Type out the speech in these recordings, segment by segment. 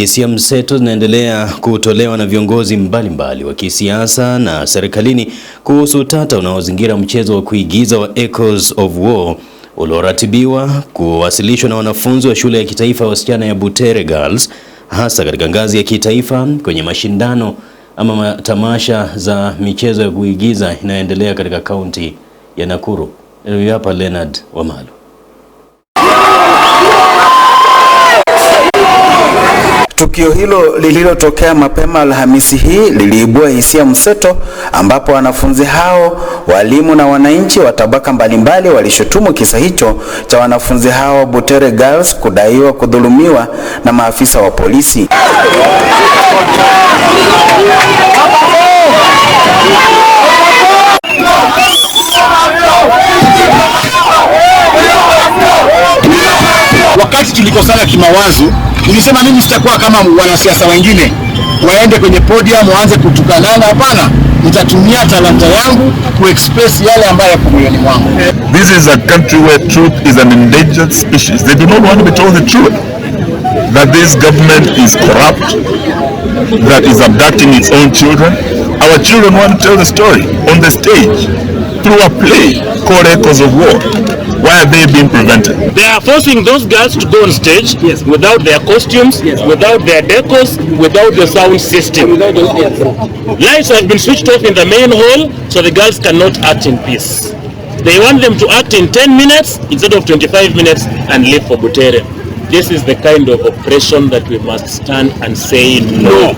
Hisia mseto zinaendelea kutolewa na viongozi mbalimbali wa kisiasa na serikalini kuhusu utata unaozingira mchezo wa kuigiza wa Echoes of War ulioratibiwa kuwasilishwa na wanafunzi wa shule ya kitaifa ya wasichana ya Butere Girls, hasa katika ngazi ya kitaifa kwenye mashindano ama tamasha za michezo ya kuigiza inayoendelea katika kaunti ya Nakuru. Hapa Leonard Wamalo. Tukio hilo lililotokea mapema Alhamisi hii liliibua hisia mseto, ambapo wanafunzi hao, walimu na wananchi wa tabaka mbalimbali walishutumu kisa hicho cha wanafunzi hao Butere Girls kudaiwa kudhulumiwa na maafisa wa polisi. Wakati tulikosana kimawazo Nilisema mimi sitakuwa kama wanasiasa wengine waende kwenye podium waanze kutukanana. Hapana, nitatumia talanta yangu ku express yale ambayo yako moyoni mwangu. This is a country where truth is an endangered species. They do not want to be told the truth that this government is corrupt, that is abducting its own children. Our children want to tell the story on the stage through a play called Echoes of War. Why are they being prevented? They are forcing those girls to go on stage yes. without their costumes, yes. without their decos without the sound system. Without Lights have been switched off in the main hall so the girls cannot act in peace. They want them to act in 10 minutes instead of 25 minutes and leave for Butere. This is the kind of oppression that we must stand and say no.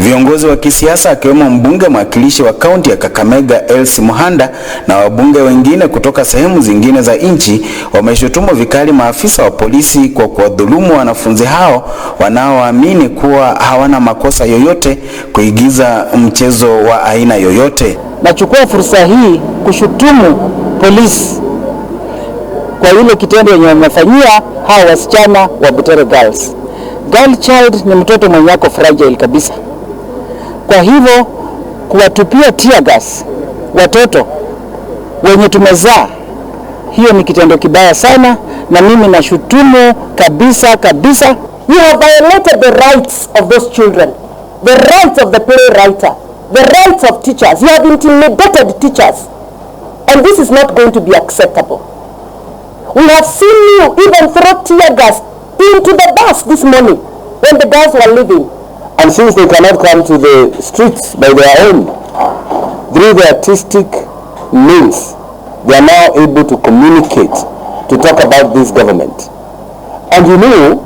Viongozi wa kisiasa akiwemo mbunge mwakilishi wa kaunti ya Kakamega Els Muhanda na wabunge wengine kutoka sehemu zingine za nchi wameshutumu vikali maafisa wa polisi kwa kuwadhulumu wanafunzi hao wanaoamini kuwa hawana makosa yoyote kuigiza mchezo wa aina yoyote. Nachukua fursa hii kushutumu polisi kwa ile kitendo yenye wamefanyia hawa wasichana wa Butere Girls. Girl child ni mtoto mwenye ako fragile kabisa, kwa hivyo kuwatupia tear gas watoto wenye tumezaa, hiyo ni kitendo kibaya sana, na mimi nashutumu kabisa kabisa. You have violated the rights of those children, the rights of the play writer, the rights of teachers. You have intimidated teachers and this is not going to be acceptable. We have seen you even throw tear gas into the bus this morning when the girls were leaving. And since they cannot come to the streets by their own, through the artistic means, they are now able to communicate, to talk about this government. And you know,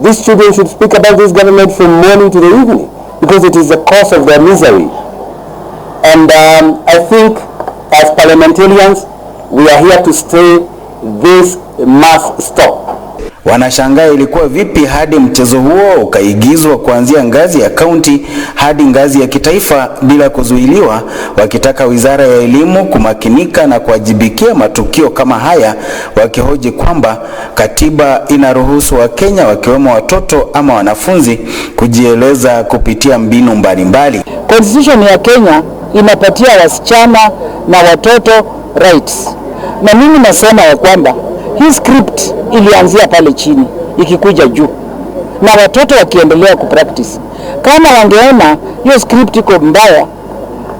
these children should speak about this government from morning to the evening because it is the cause of their misery. And um, I think as parliamentarians, we are here to stay This must stop. Wanashangaa ilikuwa vipi hadi mchezo huo ukaigizwa kuanzia ngazi ya kaunti hadi ngazi ya kitaifa bila kuzuiliwa, wakitaka Wizara ya Elimu kumakinika na kuwajibikia matukio kama haya, wakihoji kwamba katiba inaruhusu Wakenya wakiwemo watoto ama wanafunzi kujieleza kupitia mbinu mbalimbali. Constitution ya Kenya inapatia wasichana na watoto rights na mimi nasema ya kwamba hii script ilianzia pale chini ikikuja juu, na watoto wakiendelea practice. Kama wangeona hiyo script iko mbaya,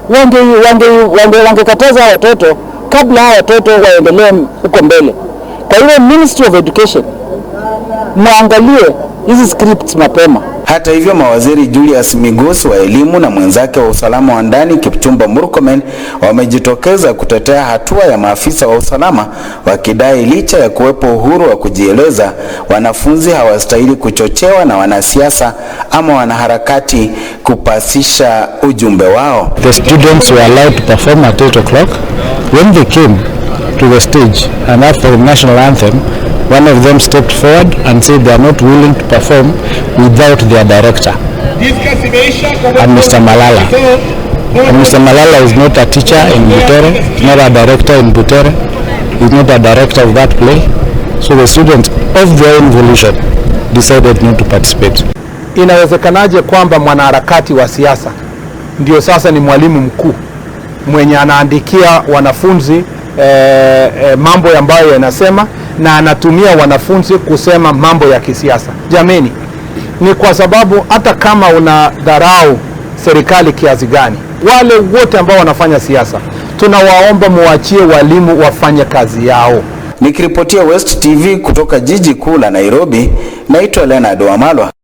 wangekataza wange, wange, wange watoto kabla hao watoto waendelee huko mbele. Kwa hiyo Ministry of Education mwangalie hizi script mapema. Hata hivyo mawaziri Julius Migos wa elimu na mwenzake wa usalama wa ndani Kipchumba Murkomen wamejitokeza kutetea hatua ya maafisa wa usalama, wakidai licha ya kuwepo uhuru wa kujieleza, wanafunzi hawastahili kuchochewa na wanasiasa ama wanaharakati kupasisha ujumbe wao. The students were allowed to perform at 8 o'clock. When they came to the stage and after the national anthem one of them stepped forward and said they are not willing to perform without their director and Mr. Malala and Mr. Malala is not a teacher in Butere not a director in Butere he's not a director of that play so the students of their own volition decided not to participate inawezekanaje kwamba mwanaharakati wa siasa ndio sasa ni mwalimu mkuu mwenye anaandikia wanafunzi eh, eh, mambo ambayo yanasema na anatumia wanafunzi kusema mambo ya kisiasa. Jameni, ni kwa sababu hata kama una dharau serikali kiasi gani, wale wote ambao wanafanya siasa tunawaomba muachie walimu wafanye kazi yao. Nikiripotia West TV kutoka jiji kuu la Nairobi, naitwa Leonard Wamalwa.